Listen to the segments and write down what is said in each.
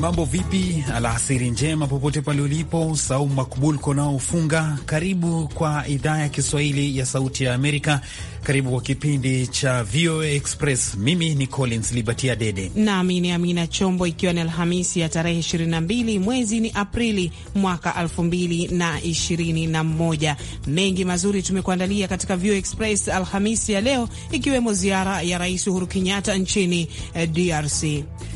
Mambo vipi? Alasiri njema popote pale ulipo. Saumu Makbul konaofunga, karibu kwa idhaa ya Kiswahili ya Sauti ya Amerika. Karibu kwa kipindi cha VOA Express. Mimi ni Collins Libatia Dede nami ni Amina Chombo, ikiwa ni Alhamisi ya tarehe 22 mwezi ni Aprili mwaka 2021. Mengi mazuri tumekuandalia katika VOA Express Alhamisi ya leo, ikiwemo ziara ya Rais Uhuru Kenyatta nchini eh, DRC.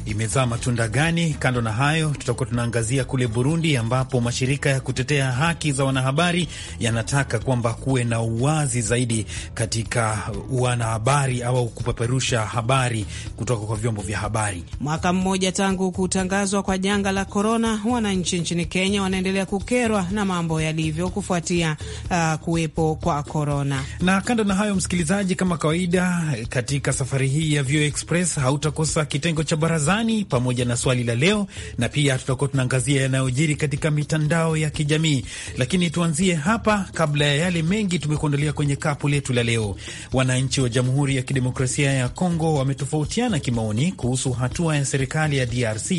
Imezaa matunda gani? Kando na hayo, tutakuwa tunaangazia kule Burundi ambapo mashirika ya kutetea haki za wanahabari yanataka kwamba kuwe na uwazi zaidi katika wanahabari au kupeperusha habari kutoka kwa vyombo vya habari. Mwaka mmoja tangu kutangazwa kwa janga la korona, wananchi nchini Kenya wanaendelea kukerwa na mambo yalivyo kufuatia uh, kuwepo kwa korona. Na kando na hayo, msikilizaji, kama kawaida, katika safari hii ya Vio Express hautakosa kitengo cha barazani pamoja na swali la leo na pia tutakuwa tunaangazia yanayojiri katika mitandao ya kijamii. Lakini tuanzie hapa, kabla ya yale mengi tumekuandalia kwenye kapu letu la leo. Wananchi wa Jamhuri ya Kidemokrasia ya Kongo wametofautiana kimaoni kuhusu hatua ya serikali ya DRC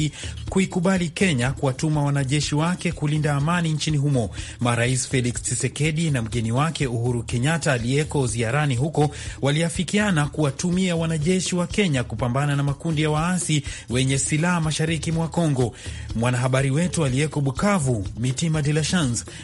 kuikubali Kenya kuwatuma wanajeshi wake kulinda amani nchini humo. Marais Felix Tshisekedi na mgeni wake Uhuru Kenyatta aliyeko ziarani huko waliafikiana kuwatumia wanajeshi wa Kenya kupambana na makundi ya waasi wenye silaha mashariki mwa Kongo. Mwanahabari wetu aliyeko Bukavu, Mitima De La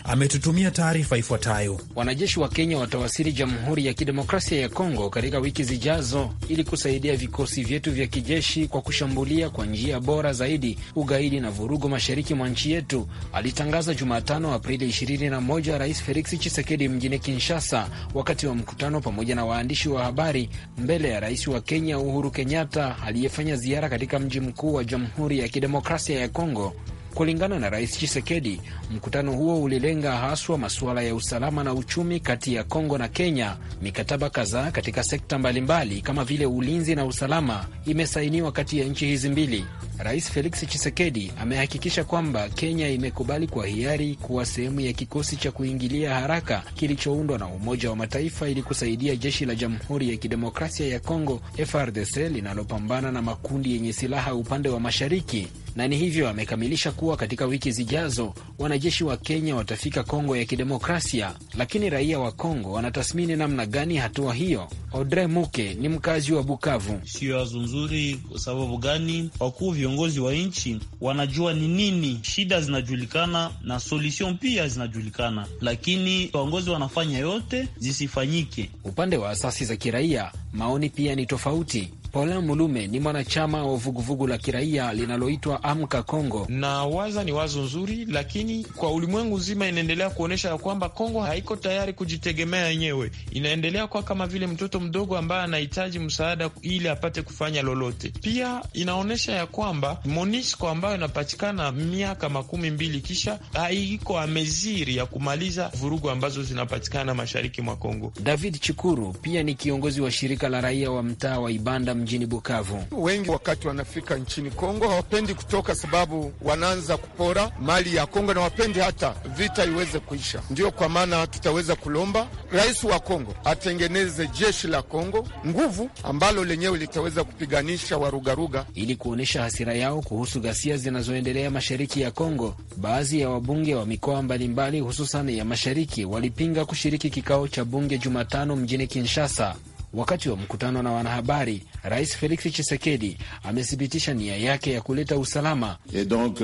ametutumia taarifa ifuatayo. Wanajeshi wa Kenya watawasili Jamhuri ya Kidemokrasia ya Kongo katika wiki zijazo ili kusaidia vikosi vyetu vya kijeshi kwa kushambulia kwa njia bora zaidi ugaidi na vurugu mashariki mwa nchi yetu, alitangaza Jumatano Aprili 21 Rais Felix Tshisekedi mjini Kinshasa, wakati wa mkutano pamoja na waandishi wa habari mbele ya rais wa Kenya Uhuru Kenyatta aliyefanya ziara katika mji mkuu wa Jamhuri ya Kidemokrasia Kidemokrasia ya Kongo. Kulingana na Rais chisekedi mkutano huo ulilenga haswa masuala ya usalama na uchumi kati ya Kongo na Kenya. Mikataba kadhaa katika sekta mbalimbali kama vile ulinzi na usalama imesainiwa kati ya nchi hizi mbili. Rais Felix chisekedi amehakikisha kwamba Kenya imekubali kwa hiari kuwa sehemu ya kikosi cha kuingilia haraka kilichoundwa na Umoja wa Mataifa ili kusaidia jeshi la Jamhuri ya Kidemokrasia ya Kongo, frdc linalopambana na makundi yenye silaha upande wa mashariki na ni hivyo amekamilisha kuwa katika wiki zijazo wanajeshi wa Kenya watafika Kongo ya Kidemokrasia, lakini raia wa Kongo wanatathmini namna gani hatua hiyo. Audrey Muke ni mkazi wa Bukavu. sio wazo nzuri. Kwa sababu gani? Wakuu viongozi wa nchi wanajua ni nini shida, zinajulikana na solution pia zinajulikana, lakini waongozi wanafanya yote zisifanyike. Upande wa asasi za kiraia, maoni pia ni tofauti. Paulin Mulume ni mwanachama wa vuguvugu la kiraia linaloitwa Amka Kongo. Na waza ni wazo nzuri, lakini kwa ulimwengu nzima inaendelea kuonyesha ya kwamba Kongo haiko tayari kujitegemea yenyewe, inaendelea kuwa kama vile mtoto mdogo ambaye anahitaji msaada ili apate kufanya lolote. Pia inaonyesha ya kwamba MONUSCO ambayo inapatikana miaka makumi mbili kisha haiko ameziri ya kumaliza vurugu ambazo zinapatikana mashariki mwa Kongo. David Chikuru pia ni kiongozi wa shirika la raia wa mtaa wa Ibanda mjini Bukavu. Wengi wakati wanafika nchini Kongo hawapendi kutoka, sababu wanaanza kupora mali ya Kongo na wapendi hata vita iweze kuisha. Ndiyo kwa maana tutaweza kulomba rais wa Kongo atengeneze jeshi la Kongo nguvu ambalo lenyewe litaweza kupiganisha warugaruga ili kuonyesha hasira yao kuhusu ghasia zinazoendelea mashariki ya Kongo. Baadhi ya wabunge wa mikoa mbalimbali hususan ya mashariki walipinga kushiriki kikao cha bunge Jumatano mjini Kinshasa Wakati wa mkutano na wanahabari, Rais Felix Tshisekedi amethibitisha nia yake ya kuleta usalama. Donc,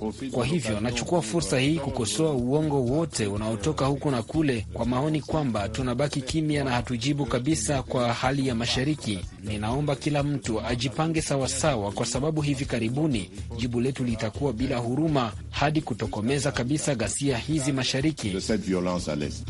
uh, kwa hivyo nachukua fursa hii euh, kukosoa uongo wote unaotoka huku na kule kwa maoni kwamba tunabaki kimya na hatujibu kabisa kwa hali ya mashariki. Ninaomba kila mtu ajipange sawasawa, kwa sababu hivi karibuni jibu letu litakuwa bila huruma hadi kutokomeza kabisa ghasia hizi mashariki.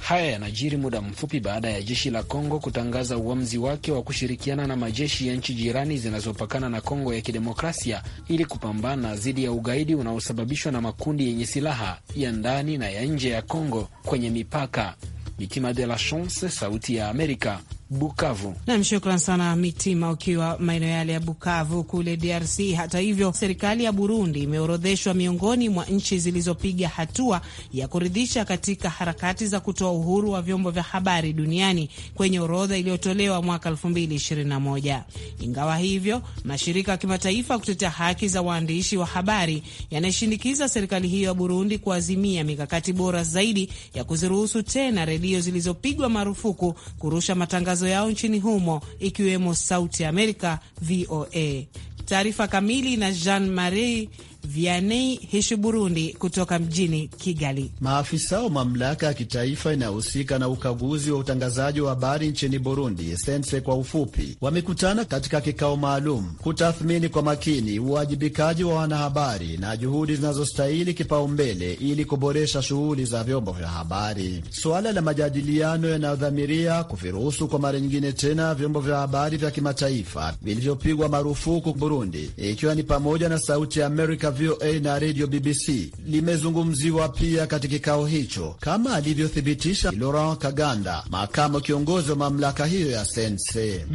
Haya yanajiri muda mfupi baada ya jeshi la Kongo kutangaza kutangaza uamuzi wake wa kushirikiana na majeshi ya nchi jirani zinazopakana na Kongo ya Kidemokrasia ili kupambana dhidi ya ugaidi unaosababishwa na makundi yenye silaha ya ndani na ya nje ya Kongo kwenye mipaka. Mitima de la Chance, Sauti ya Amerika, Bukavu. Nam, shukran sana Mitima, ukiwa maeneo yale ya Bukavu kule DRC. Hata hivyo, serikali ya Burundi imeorodheshwa miongoni mwa nchi zilizopiga hatua ya kuridhisha katika harakati za kutoa uhuru wa vyombo vya habari duniani kwenye orodha iliyotolewa mwaka 2021. Ingawa hivyo, mashirika ya kimataifa kutetea haki za waandishi wa habari yanayeshinikiza serikali hiyo ya Burundi kuazimia mikakati bora zaidi ya kuziruhusu tena redio zilizopigwa marufuku kurusha matangazo matangazo yao nchini humo ikiwemo Sauti ya Amerika VOA. Taarifa kamili na Jean Marie Vianney Hishi Burundi kutoka mjini Kigali. Maafisa wa mamlaka ya kitaifa inayohusika na ukaguzi wa utangazaji wa habari nchini Burundi, sense kwa ufupi, wamekutana katika kikao maalum kutathmini kwa makini uwajibikaji wa wanahabari na juhudi zinazostahili kipaumbele ili kuboresha shughuli za vyombo vya habari. Suala la majadiliano yanayodhamiria kuviruhusu kwa mara nyingine tena vyombo vya habari vya kimataifa vilivyopigwa marufuku Burundi, ikiwa ni pamoja na Sauti ya Amerika VOA na redio BBC limezungumziwa pia katika kikao hicho, kama alivyothibitisha Laurent Kaganda, makamu kiongozi wa mamlaka hiyo ya sense.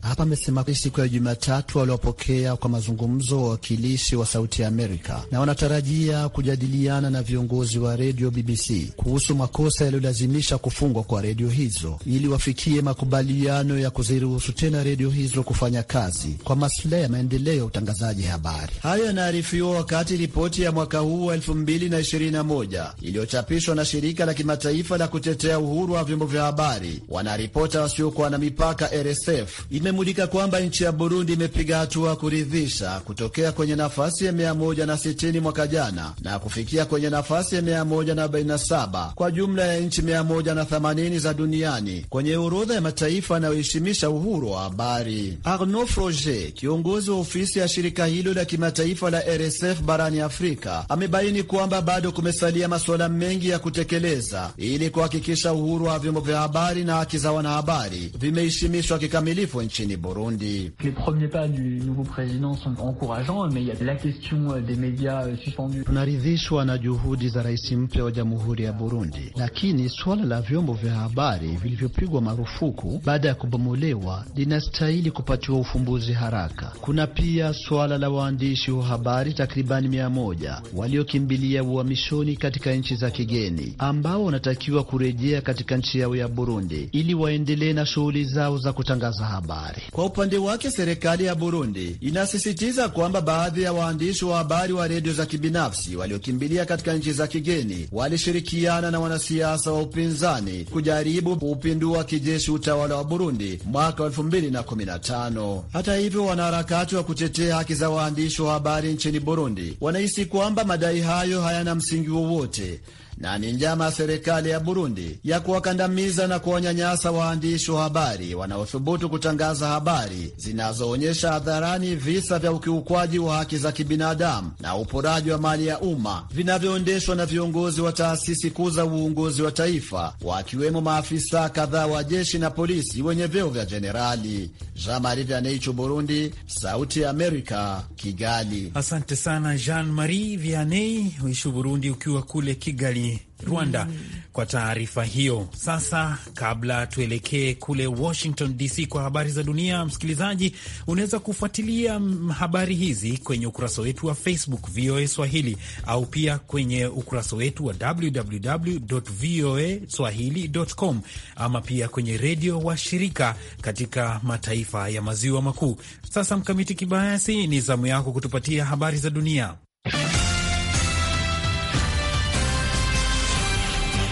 Hapa amesema siku ya Jumatatu waliopokea kwa mazungumzo wawakilishi wa Sauti ya Amerika na wanatarajia kujadiliana na viongozi wa redio BBC kuhusu makosa yaliyolazimisha kufungwa kwa redio hizo ili wafikie makubaliano makubaliano ya kuziruhusu tena redio hizo kufanya kazi kwa maslahi ya maendeleo ya utangazaji habari. Hayo yanaarifiwa wakati ripoti ya mwaka huu wa 2021 iliyochapishwa na shirika la kimataifa la kutetea uhuru wa vyombo vya habari wanaripota wasiokuwa na mipaka RSF imemulika kwamba nchi ya Burundi imepiga hatua kuridhisha kutokea kwenye nafasi ya 160 mwaka jana na kufikia kwenye nafasi ya 147 kwa jumla ya nchi 180 za duniani kwenye orodha ya mataifa na kuheshimisha uhuru wa habari. Arnaud Froge, kiongozi wa ofisi ya shirika hilo la kimataifa la RSF barani Afrika, amebaini kwamba bado kumesalia masuala mengi ya kutekeleza ili kuhakikisha uhuru wa vyombo vya habari na haki za wanahabari vimeheshimishwa kikamilifu nchini Burundi. Tunaridhishwa na juhudi za rais mpya wa Jamhuri ya Burundi, lakini suala la vyombo vya habari vilivyopigwa marufuku baada ya lililobomolewa linastahili kupatiwa ufumbuzi haraka. Kuna pia suala la waandishi wa habari takribani mia moja waliokimbilia uhamishoni katika nchi za kigeni ambao wanatakiwa kurejea katika nchi yao ya Burundi ili waendelee na shughuli zao za kutangaza habari. Kwa upande wake, serikali ya Burundi inasisitiza kwamba baadhi ya waandishi wa habari wa redio za kibinafsi waliokimbilia katika nchi za kigeni walishirikiana na wanasiasa wa upinzani kujaribu kuupindua kijeshi utawala wa Burundi Burundi mwaka wa elfu mbili na kumi na tano. Hata hivyo, wanaharakati wa kutetea haki za waandishi wa habari nchini Burundi wanahisi kwamba madai hayo hayana msingi wowote na ni njama ya serikali ya Burundi ya kuwakandamiza na kuwanyanyasa waandishi wa habari wanaothubutu kutangaza habari zinazoonyesha hadharani visa vya ukiukwaji wa haki za kibinadamu na uporaji wa mali ya umma vinavyoendeshwa na viongozi wa taasisi kuu za uongozi wa taifa wakiwemo maafisa kadhaa wa jeshi na polisi wenye vyeo vya jenerali. Jean Marie Burundi, Sauti ya Amerika, Kigali. Asante sana Jean Marie Vianney Burundi, ukiwa kule Kigali nchini Rwanda mm. Kwa taarifa hiyo sasa, kabla tuelekee kule Washington DC kwa habari za dunia, msikilizaji, unaweza kufuatilia mm, habari hizi kwenye ukurasa wetu wa Facebook VOA Swahili au pia kwenye ukurasa wetu wa www voa swahili.com ama pia kwenye redio wa shirika katika mataifa ya maziwa makuu. Sasa Mkamiti Kibayasi, ni zamu yako kutupatia habari za dunia.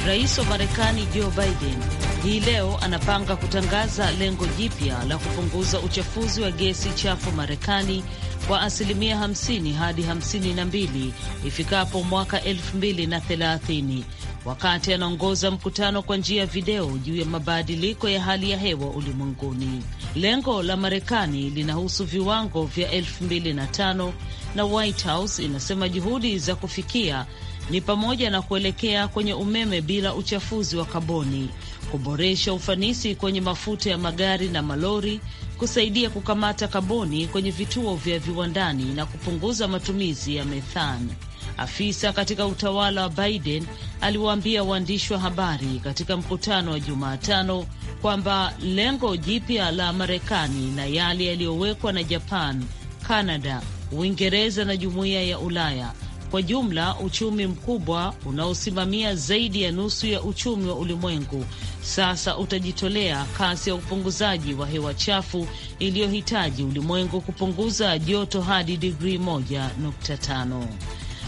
Rais wa Marekani Joe Biden hii leo anapanga kutangaza lengo jipya la kupunguza uchafuzi wa gesi chafu Marekani kwa asilimia 50 hadi 52 ifikapo mwaka 2030 wakati anaongoza mkutano kwa njia ya video juu ya mabadiliko ya hali ya hewa ulimwenguni. Lengo la Marekani linahusu viwango vya 2005 na White House inasema juhudi za kufikia ni pamoja na kuelekea kwenye umeme bila uchafuzi wa kaboni, kuboresha ufanisi kwenye mafuta ya magari na malori, kusaidia kukamata kaboni kwenye vituo vya viwandani na kupunguza matumizi ya methane. Afisa katika utawala wa Biden aliwaambia waandishi wa habari katika mkutano wa Jumatano kwamba lengo jipya la Marekani na yale yaliyowekwa na Japan, Kanada, Uingereza na jumuiya ya Ulaya kwa jumla uchumi mkubwa unaosimamia zaidi ya nusu ya uchumi wa ulimwengu sasa utajitolea kasi ya upunguzaji wa hewa chafu iliyohitaji ulimwengu kupunguza joto hadi digrii 1.5.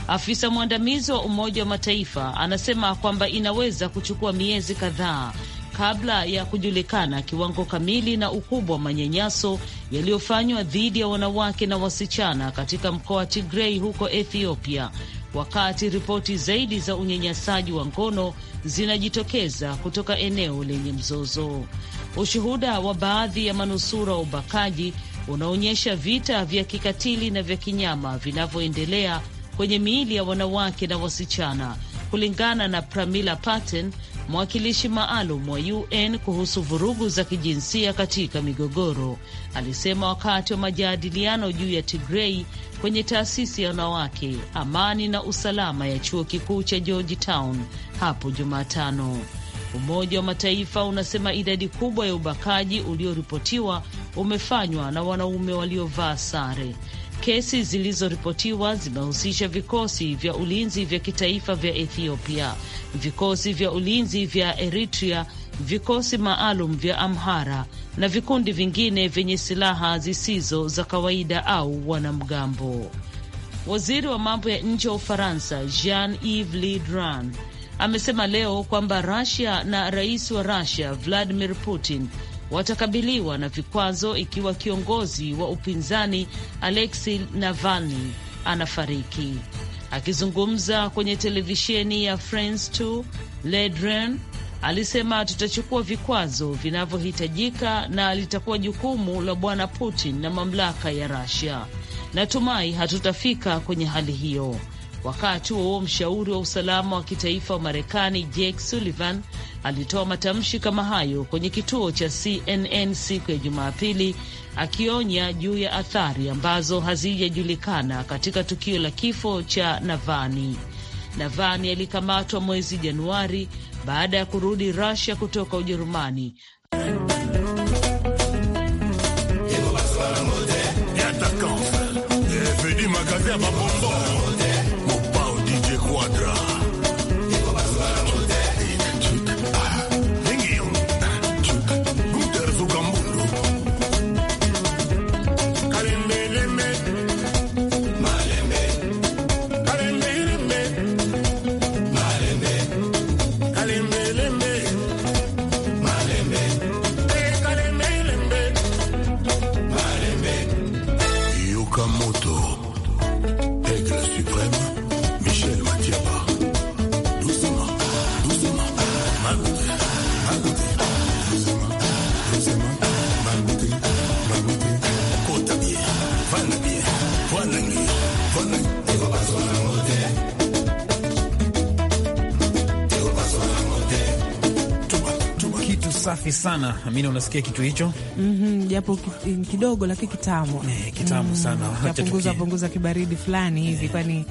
Afisa mwandamizi wa Umoja wa Mataifa anasema kwamba inaweza kuchukua miezi kadhaa kabla ya kujulikana kiwango kamili na ukubwa wa manyanyaso yaliyofanywa dhidi ya wanawake na wasichana katika mkoa wa Tigrei huko Ethiopia, wakati ripoti zaidi za unyanyasaji wa ngono zinajitokeza kutoka eneo lenye mzozo. Ushuhuda wa baadhi ya manusura wa ubakaji unaonyesha vita vya kikatili na vya kinyama vinavyoendelea kwenye miili ya wanawake na wasichana, kulingana na Pramila Patten, mwakilishi maalum wa UN kuhusu vurugu za kijinsia katika migogoro alisema wakati wa majadiliano juu ya Tigrei kwenye taasisi ya wanawake, amani na usalama ya chuo kikuu cha Georgetown hapo Jumatano. Umoja wa Mataifa unasema idadi kubwa ya ubakaji ulioripotiwa umefanywa na wanaume waliovaa sare Kesi zilizoripotiwa zimehusisha vikosi vya ulinzi vya kitaifa vya Ethiopia, vikosi vya ulinzi vya Eritrea, vikosi maalum vya Amhara na vikundi vingine vyenye silaha zisizo za kawaida au wanamgambo. Waziri wa mambo ya nje wa Ufaransa Jean-Yves Le Drian amesema leo kwamba rasia na rais wa rusia Vladimir Putin watakabiliwa na vikwazo ikiwa kiongozi wa upinzani Alexei Navalny anafariki. Akizungumza kwenye televisheni ya France 2, Ledren alisema tutachukua vikwazo vinavyohitajika na litakuwa jukumu la bwana Putin na mamlaka ya Russia. Natumai hatutafika kwenye hali hiyo. Wakati wa huo mshauri wa usalama wa kitaifa wa Marekani Jake Sullivan alitoa matamshi kama hayo kwenye kituo cha CNN siku ya Jumapili, akionya juu ya athari ambazo hazijajulikana katika tukio la kifo cha Navani. Navani alikamatwa mwezi Januari baada ya kurudi rasia kutoka Ujerumani safi sana Amina, unasikia kitu hicho? mm -hmm japo kidogo, lakini kitamu eh, kitamu mm, sana, punguza punguza kibaridi fulani hivi eh, kwani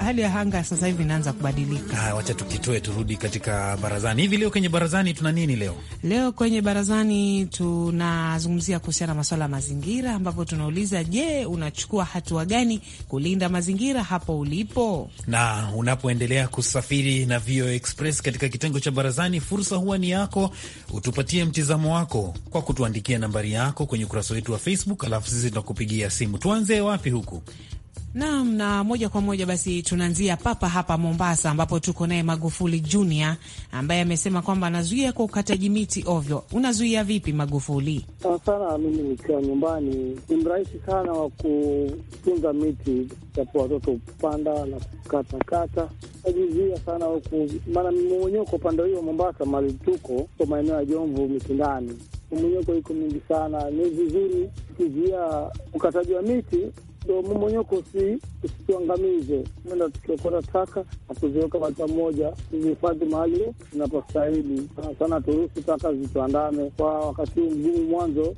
ah, hali ya anga sasa hivi inaanza kubadilika. Ah, wacha tukitoe turudi katika barazani hivi. Leo kwenye barazani tuna nini leo? Leo kwenye barazani tunazungumzia kuhusiana na masuala ya mazingira, ambapo tunauliza je, unachukua hatua gani kulinda mazingira hapo ulipo? Na unapoendelea kusafiri na VOA Express katika kitengo cha barazani, fursa huwa ni yako, utupatie mtizamo wako kwa kutuandikia nambari yako yako kwenye ukurasa wetu wa Facebook, alafu sisi tunakupigia simu. Tuanze wapi huku? Naam, na moja kwa moja basi tunaanzia papa hapa Mombasa, ambapo tuko naye Magufuli Junior ambaye amesema kwamba anazuia kwa ukataji miti ovyo. Unazuia vipi Magufuli? Sana sana mimi nikiwa nyumbani ni mrahisi sana wa kutunza miti, japo watoto kupanda na kukatakata najizuia sana huku, maana mwenyewe kwa upande huo Mombasa mali tuko kwa maeneo ya Jomvu Mikindani umenyeko iko mingi sana. Ni vizuri kuzia ukataji wa miti so mmonyoko si tusiuangamize, mwenda tukiokota taka na kuziweka mata mmoja, tuzihifadhi mahali zinapostahili. Sana sana turuhusu taka zituandame. Kwa wakati huu mgumu mwanzo,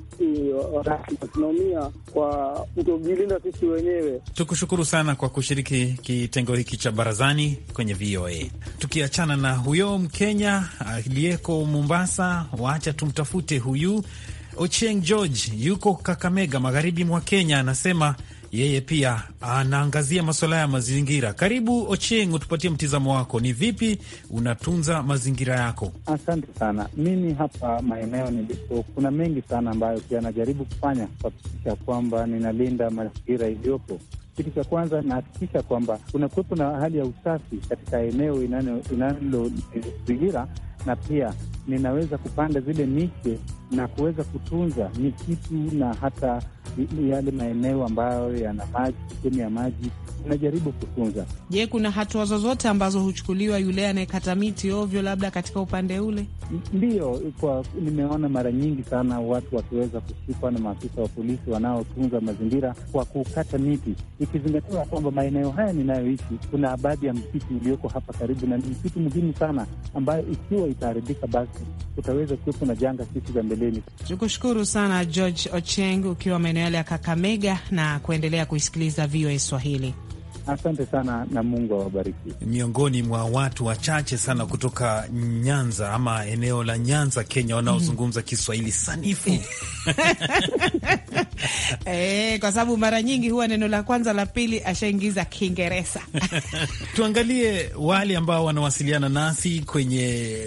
tunaumia kwa kutojilinda sisi wenyewe. Tukushukuru sana kwa kushiriki kitengo hiki cha barazani kwenye VOA. Tukiachana na huyo Mkenya aliyeko Mombasa, waacha tumtafute huyu Ocheng George yuko Kakamega, magharibi mwa Kenya, anasema yeye pia anaangazia masuala ya mazingira. Karibu Ocheng, utupatie mtizamo wako, ni vipi unatunza mazingira yako? Asante sana. Mimi hapa maeneo nilipo kuna mengi sana ambayo pia najaribu kufanya kuhakikisha kwamba ninalinda mazingira iliyopo. Kitu cha kwanza nahakikisha kwamba kunakuwepo na hali ya usafi katika eneo inalozingira eh, na pia ninaweza kupanda zile miche na kuweza kutunza misitu na hata yale maeneo ambayo yana maji, sehemu ya maji unajaribu kutunza. Je, kuna hatua zozote ambazo huchukuliwa yule anayekata miti ovyo, labda katika upande ule? Ndiyo, kwa nimeona mara nyingi sana watu wakiweza kushikwa na maafisa wa polisi wanaotunza mazingira kwa kukata miti, ikizingatiwa kwamba maeneo haya ninayoishi kuna baadhi ya msitu ulioko hapa karibu, na ni msitu muhimu sana ambayo ikiwa itaharibika, basi utaweza kuwepo na janga siku za mbele mbeleni. Tukushukuru sana George Ocheng ukiwa maeneo yale ya Kakamega na kuendelea kuisikiliza VOA Swahili. Asante sana na Mungu awabariki. Miongoni mwa watu wachache sana kutoka Nyanza ama eneo la Nyanza, Kenya, wanaozungumza Kiswahili sanifu Eh, kwa sababu mara nyingi huwa neno la kwanza la pili ashaingiza Kiingereza. Tuangalie wale ambao wanawasiliana nasi kwenye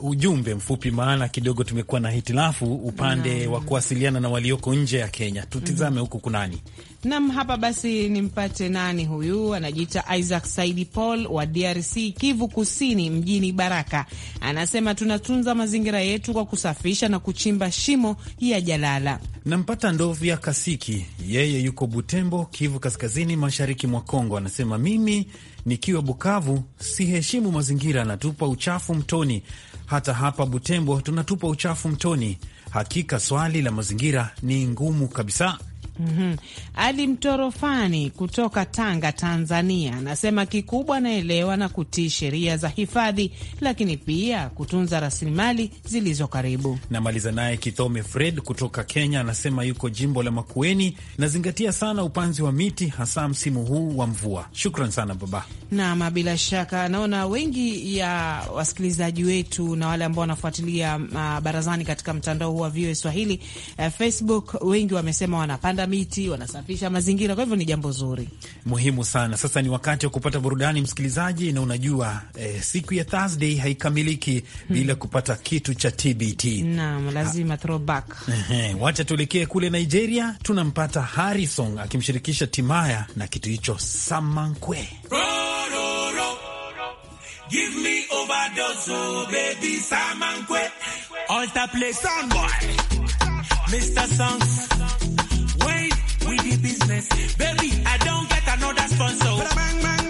ujumbe mfupi, maana kidogo tumekuwa na hitilafu upande mm. wa kuwasiliana na walioko nje ya Kenya. Tutizame mm-hmm. huku kunani Nam hapa basi, nimpate nani huyu, anajiita Isaac Saidi Paul wa DRC, Kivu Kusini, mjini Baraka. Anasema tunatunza mazingira yetu kwa kusafisha na kuchimba shimo ya jalala. Nampata ya Kasiki, yeye yuko Butembo, Kivu Kaskazini, mashariki mwa Kongo. Anasema mimi nikiwa Bukavu siheshimu mazingira, natupa uchafu mtoni. Hata hapa Butembo tunatupa uchafu mtoni. Hakika swali la mazingira ni ngumu kabisa. Mm -hmm. Ali Mtorofani kutoka Tanga, Tanzania anasema kikubwa naelewa na kutii sheria za hifadhi, lakini pia kutunza rasilimali zilizo karibu. Namaliza naye Kithome Fred kutoka Kenya anasema yuko jimbo la Makueni, nazingatia sana upanzi wa miti hasa msimu huu wa mvua. Shukran sana baba nam. Bila shaka naona wengi ya wasikilizaji wetu na wale ambao wanafuatilia uh, barazani katika mtandao huu wa VOA Swahili uh, Facebook, wengi wamesema wanapanda wanapanda miti, wanasafisha mazingira, kwa hivyo ni jambo zuri muhimu sana. Sasa ni wakati wa kupata burudani, msikilizaji, na unajua eh, siku ya Thursday haikamiliki bila kupata kitu cha TBT. Naam, lazima throwback. Wacha tuelekee kule Nigeria, tunampata Harrison akimshirikisha Timaya na kitu hicho Samankwe. Give me overdose, oh baby, Samankwe. Alter play sound boy. Mr. Songs. Baby, I don't get another sponsor.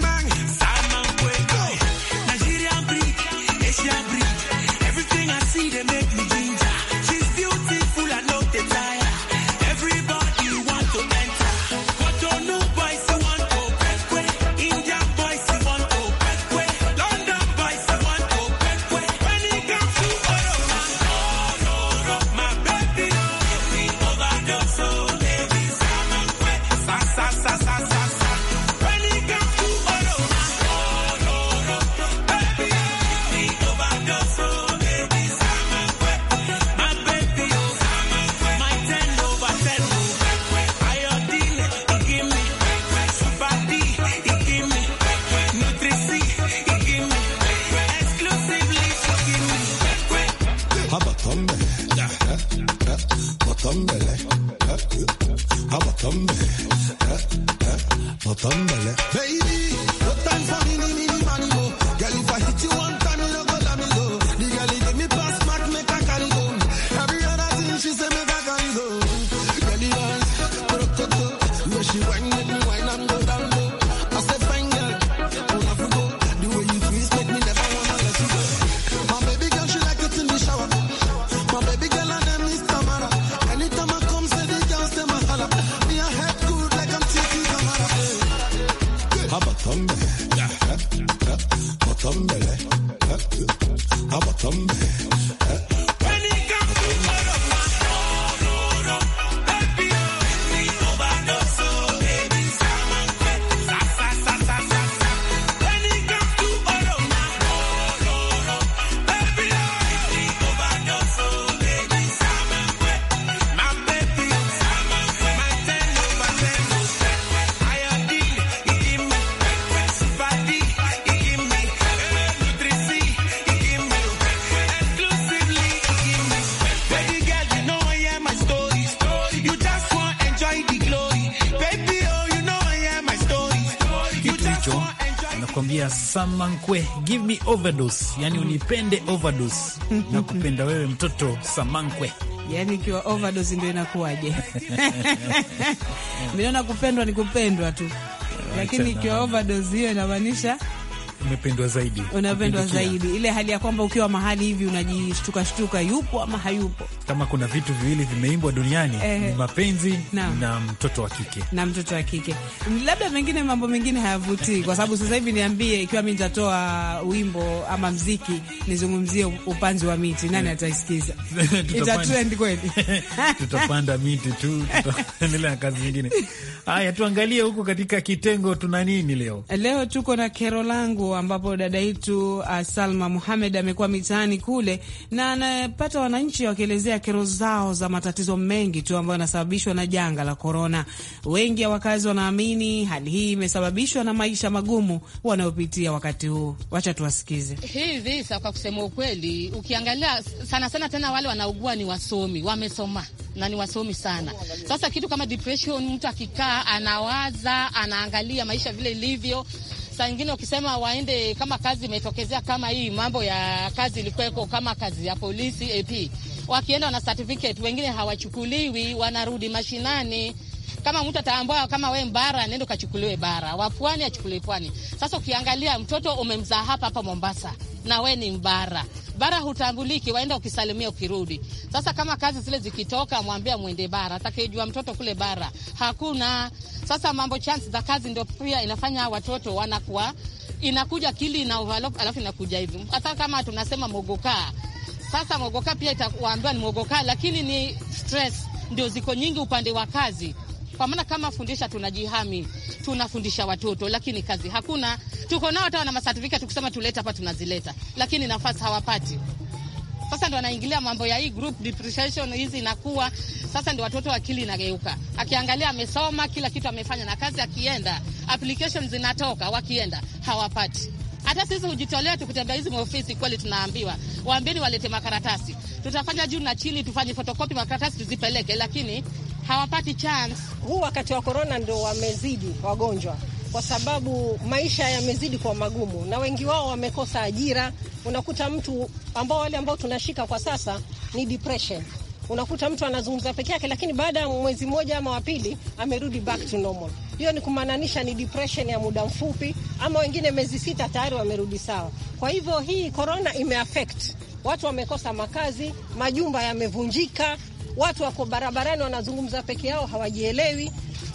Hava tam be. Samankwe give me overdose, yani unipende overdose na kupenda wewe mtoto Samankwe. Yani ikiwa overdose ndio inakuwaje? Mimi naona kupendwa ni kupendwa tu, eh, lakini ikiwa overdose hiyo inamaanisha umependwa zaidi, unapendwa zaidi, ile hali ya kwamba ukiwa mahali hivi unajishtukashtuka yupo ama hayupo. Kama kuna vitu viwili vimeimbwa duniani eh, ni mapenzi na, na mtoto wa kike na mtoto wa kike. Labda mengine mambo mengine hayavutii, kwa sababu sasa hivi niambie, ikiwa mi nitatoa wimbo ama mziki nizungumzie upanzi wa miti, nani eh. ataisikiza? Itatrendi kweli? Tutapanda miti tu, tutaendelea kazi nyingine. Haya, tuangalie huku katika kitengo tuna nini leo. Leo tuko na kero langu ambapo dada yetu uh, Salma Muhamed amekuwa mitaani kule na anapata wananchi wakielezea kero zao za matatizo mengi tu ambayo yanasababishwa na janga la korona. Wengi ya wakazi wanaamini hali hii imesababishwa na maisha magumu wanayopitia wakati huu. Wacha tuwasikize hii visa. Kwa kusema ukweli, ukiangalia sana sana tena wale wanaugua ni wasomi, wamesoma na ni wasomi sana. Sasa kitu kama depression, mtu akikaa anawaza, anaangalia maisha vile ilivyo saa ingine ukisema waende, kama kazi imetokezea kama hii mambo ya kazi ilikuweko, kama kazi ya polisi AP, wakienda na certificate, wengine hawachukuliwi, wanarudi mashinani. Kama mtu ataambua kama we mbara, nenda ukachukuliwe bara, wapwani achukuliwe pwani. Sasa ukiangalia mtoto umemzaa hapa hapa Mombasa na we ni mbara bara hutambuliki, waenda ukisalimia ukirudi. Sasa kama kazi zile zikitoka, mwambia mwende bara, takijua mtoto kule bara hakuna. Sasa mambo chance za kazi ndio pia inafanya watoto wanakuwa inakuja kili na overload, alafu inakuja hivi, hata kama tunasema mogokaa. Sasa mogokaa pia itakuambiwa ni mogokaa, lakini ni stress ndio ziko nyingi upande wa kazi kwa maana kama fundisha tunajihami, tunafundisha watoto, lakini kazi hakuna. Tuko nao hata wana masatifika, tukisema tuleta hapa tunazileta, lakini nafasi hawapati. Sasa ndo anaingilia mambo ya hii group depreciation, hizi inakuwa sasa ndo watoto akili inageuka, akiangalia amesoma kila kitu amefanya na kazi, akienda applications zinatoka, wakienda hawapati. Hata sisi hujitolea tukutembea hizi maofisi, kweli tunaambiwa waambieni walete makaratasi, tutafanya juu na chini, tufanye fotokopi makaratasi tuzipeleke, lakini hawapati chance. Huu wakati wa korona ndo wamezidi wagonjwa, kwa sababu maisha yamezidi kwa magumu, na wengi wao wamekosa ajira. Unakuta mtu ambao wale ambao tunashika kwa sasa ni depression unakuta mtu anazungumza peke yake, lakini baada ya mwezi mmoja ama wa pili amerudi back to normal. Hiyo ni kumaanisha ni depression ya muda mfupi, ama wengine miezi sita tayari wamerudi sawa. Kwa hivyo hii korona imeaffect watu, wamekosa makazi, majumba yamevunjika, watu wako barabarani wanazungumza peke yao, hawajielewi.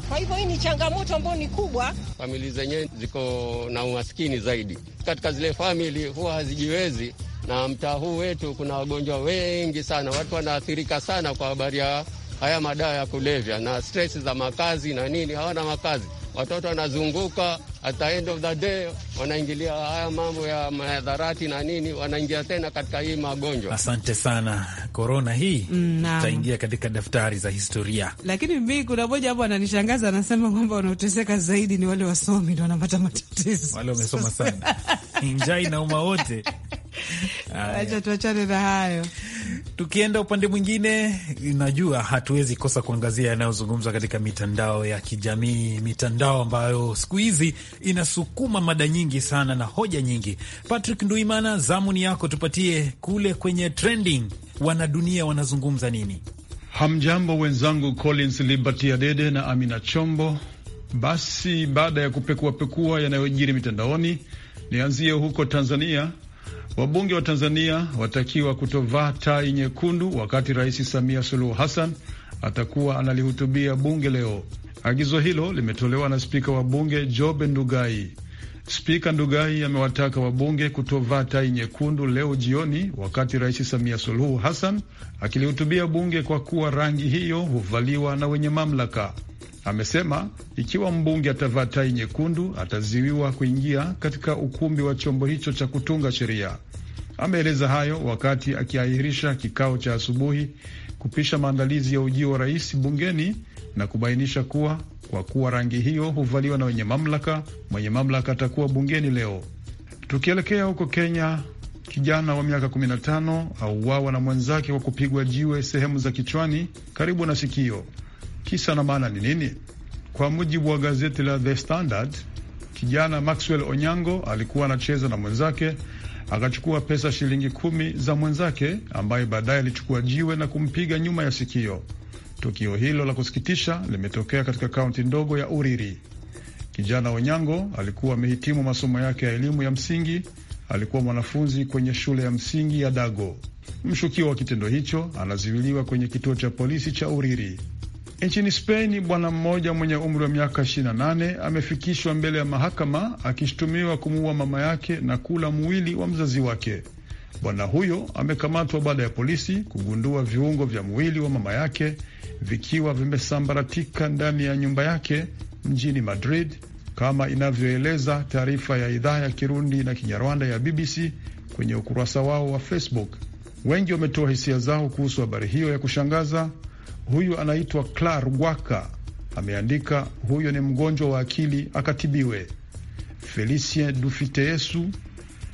Kwa hivyo hii ni changamoto ambayo ni kubwa. Famili zenyewe ziko na umaskini zaidi, katika zile famili huwa hazijiwezi, na mtaa huu wetu kuna wagonjwa wengi sana, watu wanaathirika sana kwa habari ya haya madawa ya kulevya na stresi za makazi na nini, hawana makazi watoto wanazunguka, at the end of the day wanaingilia haya mambo ya madharati na nini, wanaingia tena katika hii magonjwa. Asante sana. Korona hii mm, itaingia katika daftari za historia. Lakini mi kuna moja hapo ananishangaza, anasema kwamba wanaoteseka zaidi ni wale wasomi, ndo wanapata matatizo, wale wamesoma sana njaa inauma wote Acha tuachane na hayo. Tukienda upande mwingine, najua hatuwezi kosa kuangazia yanayozungumzwa katika mitandao ya kijamii, mitandao ambayo siku hizi inasukuma mada nyingi sana na hoja nyingi. Patrick Nduimana, zamu ni yako, tupatie kule kwenye trending, wanadunia wanazungumza nini? Hamjambo wenzangu, Collins Liberty Adede na Amina Chombo. Basi baada ya kupekuapekua yanayojiri mitandaoni, nianzie huko Tanzania Wabunge wa Tanzania watakiwa kutovaa tai nyekundu wakati Rais Samia Suluhu Hassan atakuwa analihutubia bunge leo. Agizo hilo limetolewa na spika wa bunge Job Ndugai. Spika Ndugai amewataka wabunge kutovaa tai nyekundu leo jioni wakati Rais Samia Suluhu Hassan akilihutubia bunge kwa kuwa rangi hiyo huvaliwa na wenye mamlaka. Amesema ikiwa mbunge atavaa tai nyekundu ataziwiwa kuingia katika ukumbi wa chombo hicho cha kutunga sheria. Ameeleza hayo wakati akiahirisha kikao cha asubuhi kupisha maandalizi ya ujio wa rais bungeni na kubainisha kuwa kwa kuwa rangi hiyo huvaliwa na wenye mamlaka, mwenye mamlaka atakuwa bungeni leo. Tukielekea huko Kenya, kijana wa miaka 15 auawa na mwenzake kwa kupigwa jiwe sehemu za kichwani karibu na sikio Kisa na maana ni nini? Kwa mujibu wa gazeti la The Standard, kijana Maxwell Onyango alikuwa anacheza na mwenzake akachukua pesa shilingi kumi za mwenzake ambaye baadaye alichukua jiwe na kumpiga nyuma ya sikio. Tukio hilo la kusikitisha limetokea katika kaunti ndogo ya Uriri. Kijana Onyango alikuwa amehitimu masomo yake ya elimu ya msingi. Alikuwa mwanafunzi kwenye shule ya msingi ya Dago. Mshukiwa wa kitendo hicho anazuiliwa kwenye kituo cha polisi cha Uriri. Nchini Spain, bwana mmoja mwenye umri wa miaka 28 amefikishwa mbele ya mahakama akishutumiwa kumuua mama yake na kula mwili wa mzazi wake. Bwana huyo amekamatwa baada ya polisi kugundua viungo vya mwili wa mama yake vikiwa vimesambaratika ndani ya nyumba yake mjini Madrid, kama inavyoeleza taarifa ya idhaa ya Kirundi na Kinyarwanda ya BBC kwenye ukurasa wao wa Facebook. Wengi wametoa hisia zao kuhusu habari hiyo ya kushangaza huyu anaitwa Clar Gwaka ameandika, huyo ni mgonjwa wa akili akatibiwe. Felicien Dufiteesu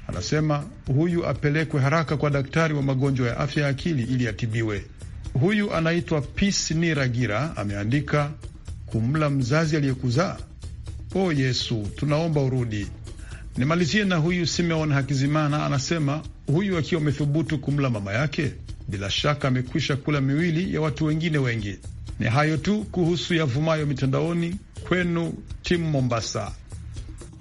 anasema huyu apelekwe haraka kwa daktari wa magonjwa ya afya ya akili ili atibiwe. Huyu anaitwa Peace Niragira ameandika, kumla mzazi aliyekuzaa o Yesu, tunaomba urudi. Nimalizie na huyu Simeon Hakizimana anasema, huyu akiwa amethubutu kumla mama yake bila shaka amekwisha kula miwili ya watu wengine wengi. Ni hayo tu kuhusu yavumayo mitandaoni kwenu timu Mombasa.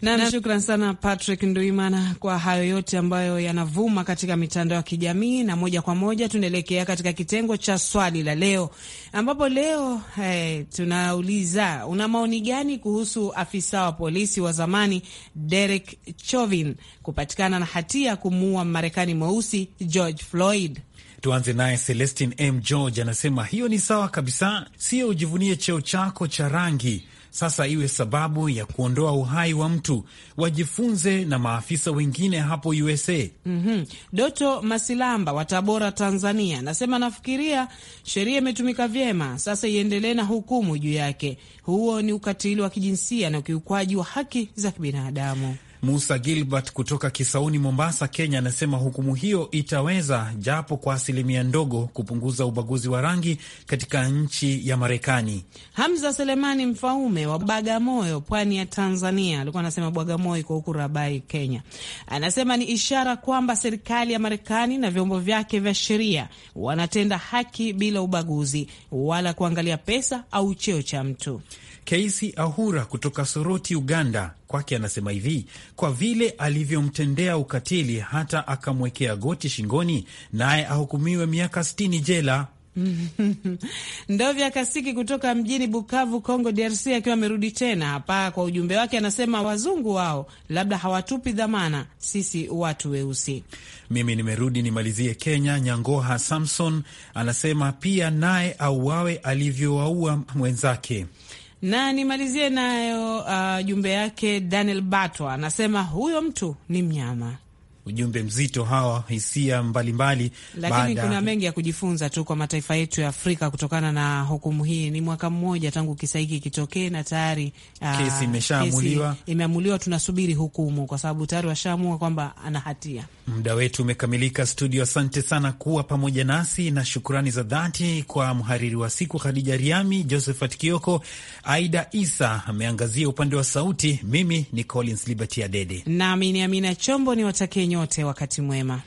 Nam, shukran sana Patrick Nduimana kwa hayo yote ambayo yanavuma katika mitandao ya kijamii. Na moja kwa moja tunaelekea katika kitengo cha swali la leo, ambapo leo hey, eh, tunauliza una maoni gani kuhusu afisa wa polisi wa zamani Derek Chauvin kupatikana na hatia ya kumuua Marekani mweusi George Floyd? Tuanze naye Celestin M George anasema hiyo ni sawa kabisa, sio ujivunie cheo chako cha rangi sasa iwe sababu ya kuondoa uhai wa mtu, wajifunze na maafisa wengine hapo USA. mm -hmm. Doto Masilamba wa Tabora, Tanzania anasema nafikiria sheria imetumika vyema, sasa iendelee na hukumu juu yake. Huo ni ukatili wa kijinsia na ukiukwaji wa haki za kibinadamu. Musa Gilbert kutoka Kisauni, Mombasa, Kenya, anasema hukumu hiyo itaweza japo kwa asilimia ndogo kupunguza ubaguzi wa rangi katika nchi ya Marekani. Hamza Selemani Mfaume wa Bagamoyo, pwani ya Tanzania, alikuwa anasema Bagamoyo iko huku Rabai, Kenya, anasema ni ishara kwamba serikali ya Marekani na vyombo vyake vya sheria wanatenda haki bila ubaguzi wala kuangalia pesa au cheo cha mtu. Keisi Ahura kutoka Soroti, Uganda, kwake anasema hivi: kwa vile alivyomtendea ukatili hata akamwekea goti shingoni, naye ahukumiwe miaka sitini jela. Ndovya Kasiki kutoka mjini Bukavu, Congo DRC, akiwa amerudi tena hapa kwa ujumbe wake, anasema wazungu wao labda hawatupi dhamana sisi watu weusi. Mimi nimerudi nimalizie Kenya. Nyangoha Samson anasema pia naye auawe alivyowaua mwenzake. Na nimalizie nayo uh, jumbe yake Daniel Batwa anasema huyo mtu ni mnyama ujumbe mzito hawa, hisia mbalimbali, lakini baada... kuna mengi ya kujifunza tu kwa mataifa yetu ya Afrika kutokana na hukumu hii. Ni mwaka mmoja tangu kisa hiki kitokee na tayari ah, kesi imeshaamuliwa, imeamuliwa, tunasubiri hukumu kwa sababu tayari washaamua kwamba ana hatia. Muda wetu umekamilika. Studio, asante sana kuwa pamoja nasi, na shukrani za dhati kwa mhariri wa siku Khadija Riami, Josephat Kioko, Aida Isa ameangazia upande wa sauti. Mimi ni Collins Liberty Adede nami ni Amina Chombo, niwatakie nyote wakati mwema.